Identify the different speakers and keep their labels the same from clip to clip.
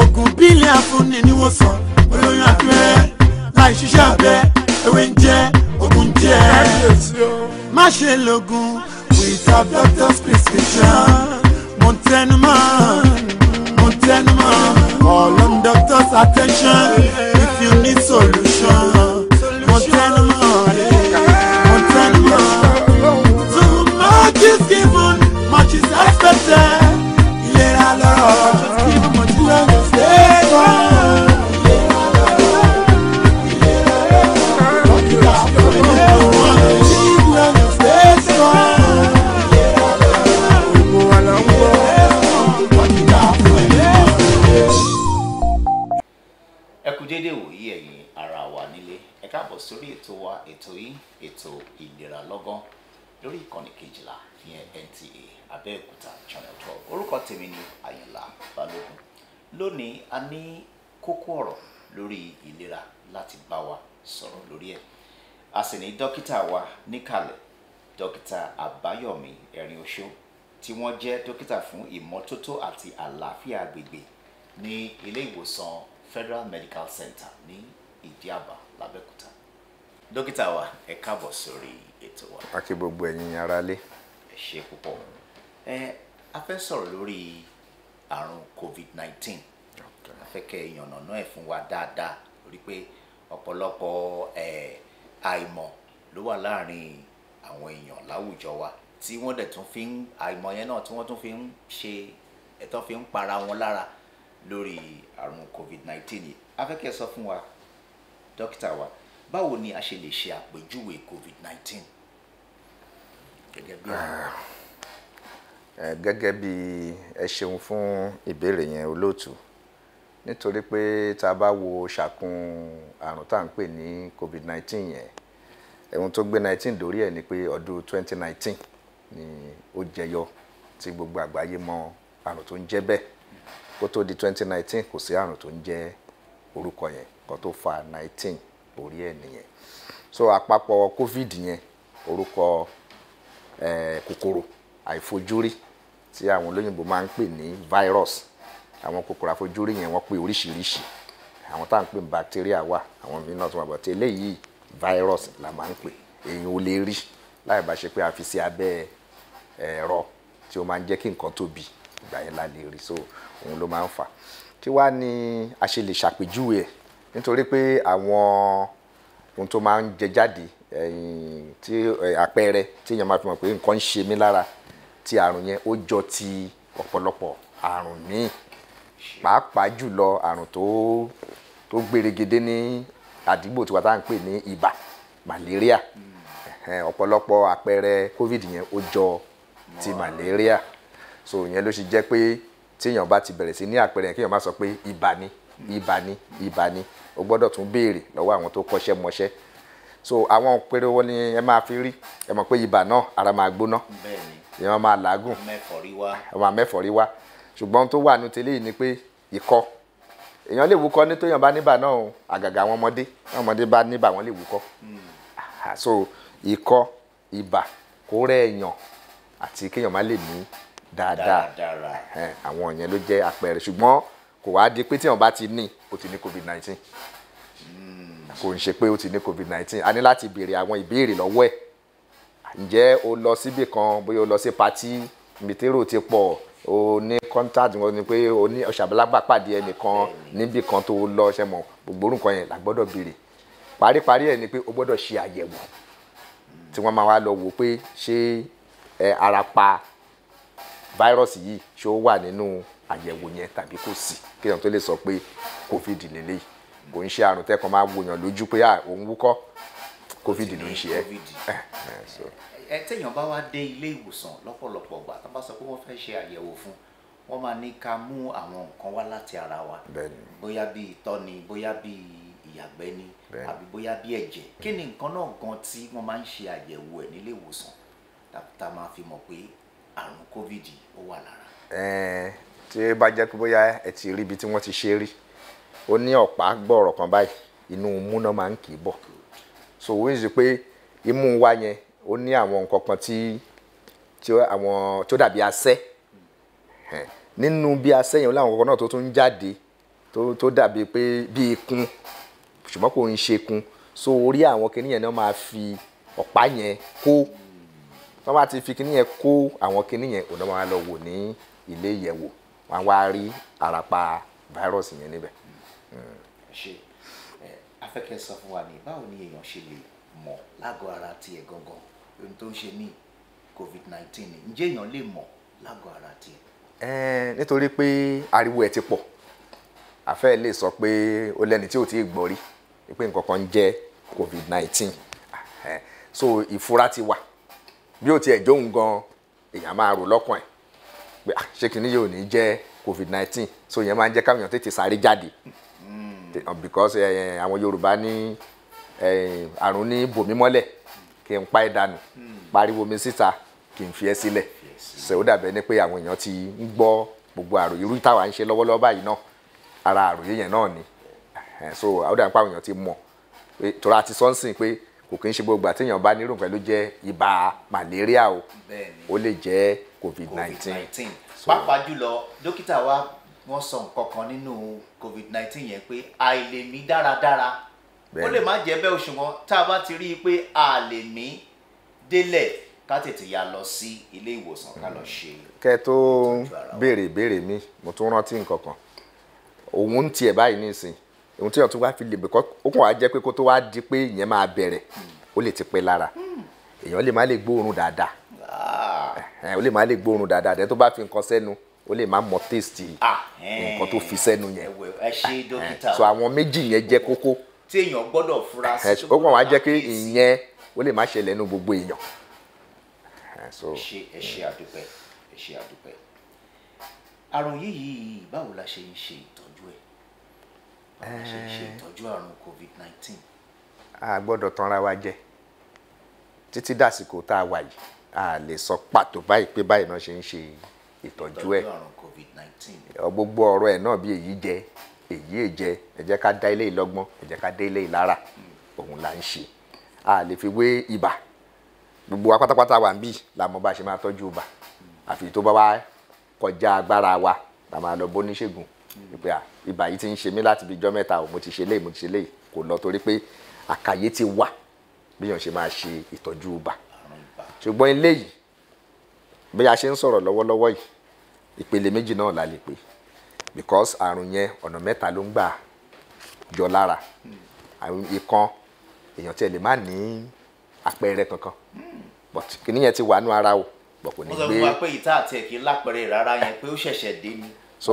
Speaker 1: oògùn bílẹ̀ afúnni ni wọ́n sọ olóyún abẹ́rẹ́ láì ṣiṣẹ́ abẹ ewé ń jẹ́ oògùn jẹ́ má ṣe lògùn without doctor's prescription mo tẹnu mọ́ mo tẹnu mọ́ call on doctor's attention if you need solution mo tẹnu mọ́. ètò yìí ètò ìlera lọ́gán lórí ìkànnì kejìlá ìyẹn NTA Abẹ́òkúta Channel twelve orúkọ tèmi ni Àyìnlá Balógun lónìí a ní kókó ọ̀rọ̀ lórí ìlera láti bá wa sọ̀rọ̀ lórí ẹ̀ a sì ní dókítà wa níkàlẹ̀ dókítà Àbáyọ̀mí Ẹ̀rìnòṣó tí wọ́n jẹ́ dókítà fún ìmọ́tótó àti àlàáfíà agbègbè ní ilé ìwòsàn Federal Medical Center ní Ìdí Àbá l'Abẹ́òkúta dókítà wa ẹ káàbọ̀ sórí ètò wa.
Speaker 2: a kí gbogbo ẹ̀yin aráalé. ẹ ṣe púpọ̀
Speaker 1: ẹ a fẹ́ sọ̀rọ̀ lórí àrùn covid-19 a fẹ́ kẹ́ ìyànnàná ẹ̀ fún wa dáadáa lórí pé ọ̀pọ̀lọpọ̀ ẹ̀ àìmọ̀ ló wà láàrin àwọn èèyàn láwùjọ wa tí wọ́n dẹ̀ tún fi ń àìmọ̀ yẹn náà tí wọ́n tún fi ń ṣe ẹ̀tọ́ fi ń para wọn lára lórí àrùn covid-19 yìí a fẹ́ kẹ́ sọ fún wa dókítà wa báwo ni a ṣe lè ṣe àpèjúwe covid nineteen.
Speaker 2: gẹ́gẹ́ bí àwọn. Eh, gẹ́gẹ́ bí ẹ ṣeun fún ìbéèrè yẹn olóòtú nítorí pé tá a bá wo ṣàkun àrùn tá à ń pè ní covid nineteen yẹn ẹ̀hún tó gbé 19 dórí ẹ̀ ni pé ọdún 2019 ni ó jẹyọ tí gbogbo àgbáyé mọ àrùn tó ń jẹ́ bẹ́ẹ̀ kó tó di 2019 kò sí àrùn tó ń jẹ́ orúkọ yẹn kan tó fa 19 orí ẹ̀ nìyẹn so àpapọ̀ covid yẹn orúkọ eh, kòkòrò àìfojúrí tí àwọn olóyìnbó máa ń pè ní virus àwọn kòkòrò àfojúrí yẹn wọ́n pè oríṣiríṣi àwọn tá pè ní bacteria wà àwọn míì náà tún wà bọ̀ tí eléyìí virus la máa ń pè èyàn ò lè rí láì bá ṣe pé a fi sí abẹ́ ẹ̀rọ tí ó máa ń jẹ́ kí nǹkan tóbi ìgbà yẹn la lè rí so òun ló máa ń fà kí wàá ní a ṣe lè ṣàpèjúwe ẹ̀ nítorí pé àwọn ohun tó máa ń jẹ jáde tí àpẹẹrẹ tí èèyàn máa fi mọ̀ pé nǹkan ń ṣe mí lára ti àrùn yẹn ó jọ ti ọ̀pọ̀lọpọ̀ àrùn míì pàápàá jùlọ àrùn tó tó gbèrègede ní àdúgbò tiwa tá à ń pè ní ibà malaria ọ̀pọ̀lọpọ̀ àpẹẹrẹ covid yẹn ó jọ ti malaria so yẹn ló ṣe jẹ́ pé téèyàn bá ti bẹ̀rẹ̀ sí ní àpẹẹrẹ kéèyàn má sọ pé ibà ni ibà ni ibà ni o gbọ́dọ̀ tún béèrè lọ́wọ́ àwọn tó kọ́ṣẹ́ mọṣẹ́ so àwọn péré wọn ni ẹ máa fi rí ẹ mọ̀ pé ibà náà ara máa gbóná ìyẹn máa làágùn ọmọ mẹ́fọ̀rí wá ṣùgbọ́n tó wà ní tẹ́lẹ̀ yìí ni pé ikọ́ èèyàn lè wúkọ́ ní tóyàn bá níbà náà àgàgà àwọn ọmọdé àwọn ọmọdé bá níbà wọn lè wúkọ́ hmm. so ikọ́ ibà kórẹ́ èèyàn àti kéèyàn má lè mí dáadáa àwọn yẹn ló jẹ́ àpẹẹrẹ ṣùgbọ́n kò wá di pé tí wọn bá ti ní o ti ní covid nineteen kò ń ṣe pé o ti ní covid nineteen a ní láti béèrè àwọn ìbéèrè lọ́wọ́ ẹ̀ ǹjẹ́ o lọ síbì kan bóyá o lọ sí patí mìtírò ti pọ̀ o ní contact wọn ni pé o ní ọ̀ṣàbálágbà pàdé ẹnìkan níbì kan tó lọ ṣe mọ̀ gbogbo orúkọ yẹn la gbọ́dọ̀ béèrè paríparí ẹ̀ ni pé o gbọ́dọ̀ ṣe àyẹ̀wò tí wọ́n máa wá lọ wò pé ṣé ara pa fáírọ́ọ̀sì yìí ṣé wà nínú àyẹ̀wò yẹn tàbí kò sí kéèyàn tó lè sọ pé covid lélẹ́yìí kò ń ṣe àrùn tẹ́kàn máa wòyàn lójú pé òun wúkọ́ covid ló ń ṣe ẹ́.
Speaker 1: Eh, ẹ téèyàn bá wá dé ilé ìwòsàn lọ́pọ̀lọpọ̀ ọgbà tó bá sọ pé wọ́n fẹ́ ṣe àyẹ̀wò fún wọ́n máa ní ká mú àwọn nǹkan wá láti ara wa bóyá bí ìtọ̀ ni bóyá bí ìyàgbẹ́ ni àbí bóyá bí ẹ̀jẹ̀ kí ni nǹkan náà gan tí wọ́n máa ń ṣe àyẹ̀wò ẹ̀ nílé ìwòsàn tá a máa fi mọ̀ pé
Speaker 2: àrùn covid ó wà lára. Eh, tí ó bá jẹ́ pé bóyá ẹ ti rí ibi tí wọ́n ti ṣe rí ó ní ọ̀pá gbọ̀ọ̀rọ̀ kan báyìí inú múná máa ń kì í bọ̀ so ó ń ṣe pé imú wa yẹn ó ní àwọn nǹkan kan tí tí àwọn tó dàbí asẹ́ nínú bí asẹ́ yẹn láwọn nǹkan náà tó tún ń jáde tó dàbí pé bí ikun ṣùgbọ́n kò ń ṣe kun so orí àwọn kìnìyàn náà máa fi ọ̀pá yẹn kó wọ́n bá ti fi kìnìyàn kó àwọn kìnìyàn òun náà máa lọ wò ní ilé ìyẹ̀wò wọ́n á wá rí àràpá fáírọ́ọ̀sì yẹn níbẹ̀. ṣe
Speaker 1: afẹ́kẹ́ sọ fún wa ní báwo ni èèyàn ṣe lè mọ̀ lágọ̀ọ́ ara tiẹ̀ gangan ohun tó ń ṣe ní covid nineteen ǹjẹ́ èèyàn lè mọ̀ lágọ̀ọ́ ara tiẹ̀.
Speaker 2: nítorí pé ariwo ẹ̀ ti pọ̀ àfẹ́ lè sọ pé ó lẹ́ni tí ò tí gbọ́ rí pé nǹkan kan ń jẹ́ covid nineteen so ìfura ti wà bí ó tiẹ̀ jóun gan èèyàn máa rò lọ́kàn ẹ̀ pé ah, ṣé kìíní yóò ní jẹ́ covid nineteen so yẹn máa ń jẹ́ káwọn tètè sáré jáde hmm. because eh, eh, àwọn yorùbá ní eh, àrùn ní bòmímọ́lẹ̀ kí n pa ẹ̀ dànù hmm. pariwo mi síta kí n fi ẹ́ sílẹ̀ ṣe ó dàbẹ̀ ni pé àwọn èèyàn ti ń gbọ́ gbogbo àròyé irú táwa ń ṣe lọ́wọ́lọ́wọ́ báyìí náà ara àròyé yẹn náà ni so ó dàbẹ̀ pé àwọn èèyàn ti mọ̀ torí àti sọ́nsìn pé kò kí ń ṣe gbogbo àti èèyàn bá nírò pẹ̀lú jẹ́ ibà màléríà o ó lè jẹ́ covid nineteen.
Speaker 1: pàápàá jùlọ dókítà wa wọ́n sọ nǹkan kan nínú covid nineteen yẹn pé àìlèmí dáradára ó lè má jẹ́ bẹ́ẹ̀ òṣùwọ̀n tá a bá ti rí i pé àlèmí délẹ̀ ká tètè yà lọ sí ilé ìwòsàn ká lọ hmm. ṣe.
Speaker 2: kẹ tó béèrè béèrè mi mo tún rántí nǹkan kan òun ń tiẹ̀ báyìí nísìn òun tí wọ́n tún wá fi lè bẹ̀kọ́ ó kàn wá jẹ́ pé kó tó wá di pé ìyẹn máa bẹ̀rẹ̀ ó lè ti pẹ́ lára hmm. èèyàn lè má lè gbóòórùn dáadáa ah o lè má lè gbóòórùn dáadáa dẹ tó bá fi nǹkan sẹ́nu o lè má mọ taste ah, nǹkan tó fi sẹ́nu yẹn ah, eh, so àwọn méjì yẹn jẹ́ kókó
Speaker 1: tí èèyàn gbọ́dọ̀ fura eh, sí.
Speaker 2: ó kàn wá jẹ́ kí ìyẹn ó lè má ṣẹlẹ̀ nínú gbogbo èèyàn. Eh, ẹ ṣe àdúpẹ́ ẹ ṣe àdúpẹ́
Speaker 1: àrùn yìí báwo la ṣe ń ṣe ìtọ́jú ẹ̀
Speaker 2: báwo la ṣe ń ṣe ìtọ́jú
Speaker 1: àrùn covid 19,
Speaker 2: a gbọ́dọ̀ tanra wa jẹ títí dàsìkò tá a wà yìí a lè sọ pàtó báyìí pé báyìí náà ṣe ń ṣe ìtọ́jú ẹ̀ gbogbo ọ̀rọ̀ ẹ̀ náà bí èyí jẹ èyí èjẹ ẹ jẹ́ ká dá ilé ìlọ́gbọ́n ẹ jẹ́ ká dá ilé ìlara òun là ń ṣe a lè fi wé ibà gbogbo wa pátápátá wà ń bì la mọ̀ bá ṣe máa tọ́jú ibà àfi tó bá wá kọjá agbára wa la máa lọ bóníṣègùn ìpè à ibà yìí ti ń ṣe mí láti bí ijọ́ mẹ́ta ò mo ti ṣe léyìí mo ti ṣe léyìí kò lọ torí pé àkàyé ti wà bí èèyàn ṣe máa ṣe ìtọ́jú ibà ṣùgbọ́n ilé yìí bí a ṣe ń sọ̀rọ̀ lọ́wọ́lọ́wọ́ yìí ìpele méjì náà la lè pè because àrùn yẹn ọ̀nà mẹ́ta ló ń gbà yọ lára àrùn ikán èèyàn tiẹ̀ lè má ní àpẹẹrẹ kankan but kìnìún yẹn ti wà nú ara o bọ̀ kò ní gbé. mo sọ fún wa pé
Speaker 1: ìta àti ẹ̀kí lápẹ̀rẹ̀ rárá yẹn pé ó ṣẹ̀ṣẹ̀ dé ni
Speaker 2: so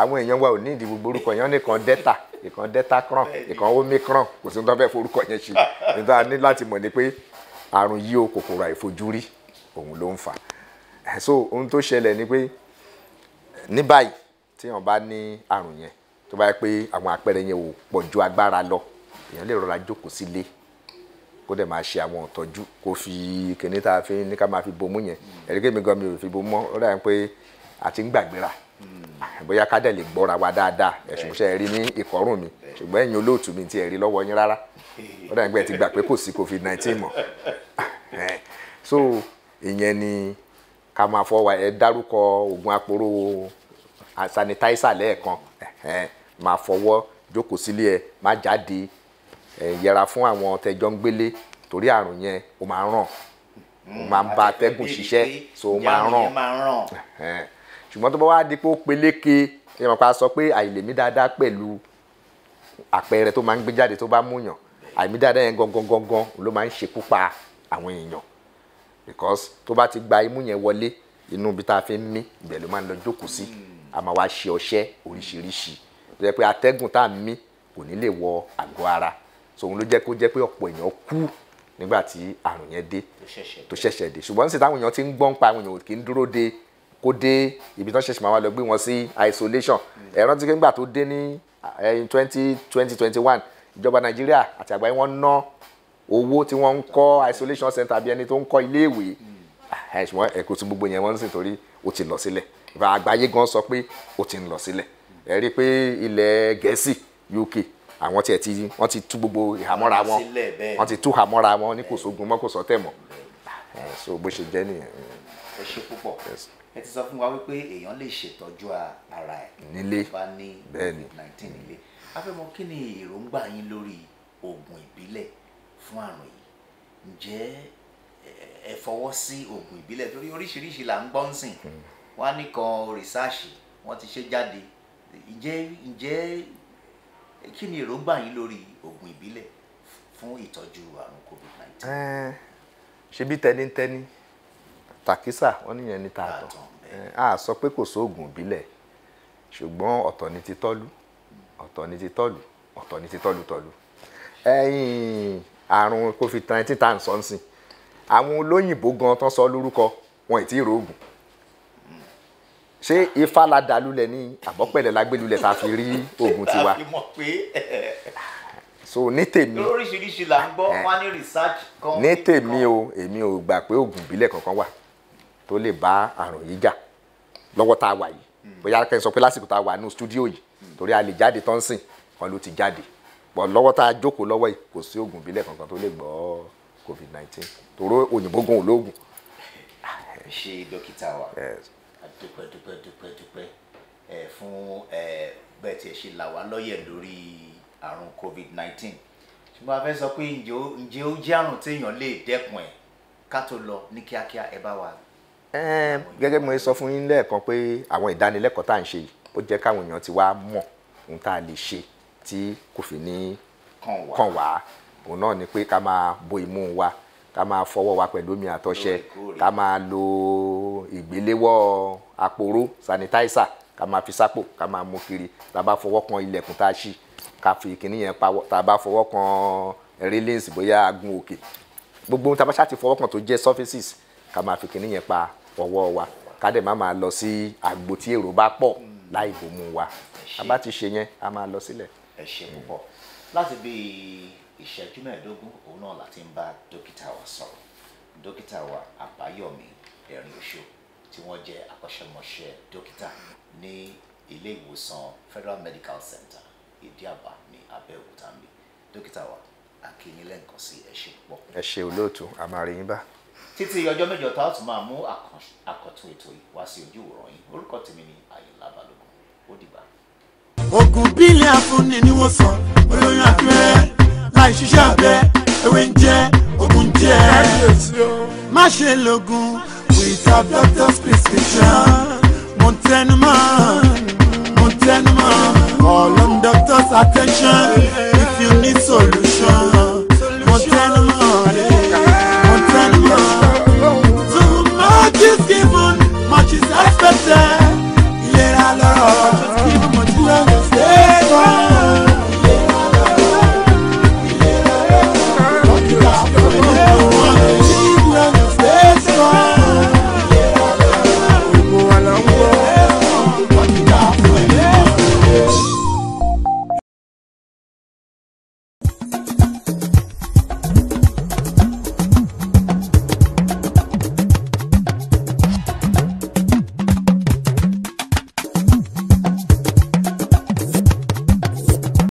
Speaker 2: àwọn èèyàn wa ò ní ìdìbò orúkọ yẹn nìkan dẹ́ta ìkan deltacron ìkan omicron kò sí tó fẹ́ forúkọ yẹn ṣe nígbà ní láti mọ̀ ni pé àrùn yìí o kòkòrò àìfojúrí òun ló ń fà so ohun tó ṣẹlẹ̀ ni pé ní báyìí téèyàn bá ní àrùn yẹn tó bá yẹ pé àwọn àpẹẹrẹ yẹn ò pọ̀ ju agbára lọ èèyàn lè rọra jókòó sílé kó dẹ̀ máa ṣe àwọn ìtọ́jú kó fi kìnní tá a fi ní ká máa fi bomú yẹn ẹ̀rí kémi gan mi ò fi bomú mọ́ ó dà yẹn pé àti ń gbàgbéra bóyá ká dẹ̀ lè gbọ́ra wa dáadáa ẹ̀sùn mo ṣe rí ní ìkọ́rùn mi ṣùgbọ́n ẹ̀yin olóòtú mi ti ẹ̀rí lọ́wọ́ yín rárá ó dàgbé ti gbà pé kò sí covid nineteen mọ́ so ìyẹn ni ká máa fọwọ́ ẹ dárúkọ oògùn aporó sanitaisa lẹ́ẹ̀kan máa fọwọ́ jókòó sílé ẹ má jáde yẹra fún àwọn tẹjọ ń gbélé torí àrùn yẹn ó máa ràn ó máa ń ba atẹ́gùn ṣiṣẹ́ so ó máa
Speaker 1: ràn
Speaker 2: ṣùgbọ́n tó bá wá di pé ó peléke ẹ mọ̀ pa sọ pé àìlèmí dáadáa pẹ̀lú àpẹẹrẹ tó máa ń gbé jáde tó bá múyàn àìmí dáadáa yẹn gangan gangan ló máa ń ṣekú pa àwọn èèyàn because tó bá ti gba imú yẹn wọlé inú ibi tá a fi ń mí ibẹ̀ ló máa ń lọ jókòó sí a máa wá ṣe ọṣẹ́ oríṣiríṣi tó yẹ pé atẹ́gùn tá a mí kò ní lè wọ àgọ́ ara so òun ló jẹ́ kó jẹ́ pé ọ̀pọ̀ èèyàn kú nígbà tí àrùn yẹn dé tó ṣẹ̀ṣẹ̀ dé ṣùgbọ́n níṣẹ́ táwọn èèyàn ti ń gbọ́n pa àwọn èèyàn kì í dúró de kó dé ibi tí wọ́n ṣẹ̀ṣẹ̀ máa wá lọ gbé wọn sí isolation ẹ rántí pé nígbà tó dé ní twenty twenty twenty one ìjọba nàìjíríà àti àgbáyé wọn ná owó tí wọ́n ń kọ́ isolation center bí ẹni tó ń kọ́ iléèwé ṣùgbọ́n ẹ̀kọ́ tí gbogbo yẹn wọ́n ń sìn torí ó ti lọ sílẹ̀ ìfà àgbáyé gan sọ pé ó ti ń lọ sílẹ̀ ẹ rí i pé ilẹ̀ gẹ̀ẹ́sì UK àwọn tiẹ̀ ti wọ́n ti tú gbogbo ìhàmọ́ra wọn wọ́n ti tú ìhàmọ́ra wọn ní kò sógun mọ́ kò sọ́tẹ̀ mọ́ so bó ṣe jẹ́ nìyẹn. ẹ ṣe púpọ̀
Speaker 1: ẹ ti sọ fún wa wípé èèyàn lè ṣètọ́jú ara ẹ̀ nílé
Speaker 2: bá ní covid-19 nílé
Speaker 1: afẹ́mọ kí ni èròǹgbà yín lórí oògùn ìbílẹ̀ fún àrùn yìí ǹjẹ́ ẹ fọwọ́ sí oògùn ìbílẹ̀ torí oríṣiríṣi là ń gbọ́ ń sìn hmm. wá nìkan rìsáàṣì wọ́n ti ṣe jáde ǹjẹ́ ǹjẹ́ kí ni èròǹgbà yín lórí oògùn ìbílẹ̀ fún ìtọ́jú àrùn covid-19.
Speaker 2: ṣebí tẹnitẹni takisa wọ́n níyẹn ní tààtàn a sọ pé kò sóògùn ìbílẹ̀ ṣùgbọ́n ọ̀tọ̀ ni ti tọ́lú ọ̀tọ̀ ni ti tọ́lú ọ̀tọ̀ ni ti tọ́lú tọ́lú ẹ̀yìn àrùn covid nineteen tá à ń sọ ń sìn àwọn olóyìnbó gan tán sọ lórúkọ wọn ì tí ì rògùn ṣé ifá la dàlúlẹ̀ ní àbọ̀pẹ̀lẹ̀ lágbélulẹ̀ tá a fi rí oògùn tiwa so ní tèmi
Speaker 1: lóríṣiríṣi là ń gbọ́ wọn ní research kan ní
Speaker 2: tèmi o èmi ò gbà pé oògùn ìbílẹ̀ kankan wà tó lè bá àrùn yìí jà lọ́wọ́ tá a wà yìí hmm. bóyá kẹ́ ń sọ pé lásìkò tá a wà ní stúdíò yìí hmm. torí a lè jáde tán sìn kan ló ti jáde bọ̀ lọ́wọ́ tá a jókòó lọ́wọ́ yìí kò sí oògùn ìbílẹ̀ kankan tó lè gbọ́ covid nineteen torí òyìnbó gan olóògùn. ṣe dókítà wa adúpẹ́ dúpẹ́ dúpẹ́ dúpẹ́
Speaker 1: fún bẹ́ẹ̀ tí ẹ ṣe là wá lóye lórí àrùn covid nineteen ṣùgbọ́n a fẹ́ sọ pé ǹjẹ́ ó jẹ́ àrùn téèyàn lè dẹ́kun ẹ̀ ká tó lọ ní kíákíá ẹ bá wa
Speaker 2: Ehm, gẹ́gẹ́ bí mo sọ fún yín lẹ́ẹ̀kan pé àwọn ìdánilẹ́kọ̀ọ́ tá à ń ṣe yìí ó jẹ́ káwọn èèyàn ti wá mọ̀ ohun tá a lè ṣe tí kò fi ní kàn wá òun náà ni pé ká máa bo imú wa ká máa fọwọ́ wa pẹ̀lú omi àtọṣẹ ká máa lo ìgbéléwọ́ àpòrò sanitizer ká máa fi sápò ká máa mú kiri tá a bá fọwọ́ kan ilẹ̀kùn tá a ṣí ká fi kíní yẹn pawọ́ tá a bá fọwọ́ kan railings bóyá agun òkè gbogbo ohun tá a bá ṣáà ti fọwọ́ kan tó jẹ́ surfaces ká máa fi kíní yẹn pa ọwọ́ wa ká dẹ̀ má máa lọ sí àgbo tí èrò bá pọ̀ láì bomú wa a bá ti ṣe yẹn a máa lọ sílẹ̀. ẹ ṣe púpọ̀
Speaker 1: láti bí ìṣẹ́jú mẹ́ẹ̀ẹ́dógún òun náà láti ń bá dókítà wa sọ̀rọ̀ dókítà wa àbáyọ̀mí ẹ̀rín oṣù tí wọ́n jẹ́ akọ́ṣẹ́mọṣẹ́ dókítà ní ilé ìwòsàn Federal Medical Center ìdíàbá ní abẹ́òkúta mi dókítà wa akínyìnlẹ́ǹkan sí ẹ ṣe púpọ̀. ẹ
Speaker 2: ṣe olóòtú a máa rí yín bá
Speaker 1: títí ọjọ́ mẹ́jọ tá a tún máa mú àkọ́tún ètò yìí wá sí ojú ìwòran yìí orúkọ tèmi ni Àyìnlá Balógun ó dìgbà. oògùn bílẹ̀ afúnni ni wọ́n sọ olóyún abẹ́rẹ́ láì ṣiṣẹ́ abẹ́ ewé ń jẹ́ oògùn jẹ́ má ṣe lògùn without doctor's prescription mo tẹnu mọ́ mo tẹnu mọ́ call on doctor's attention.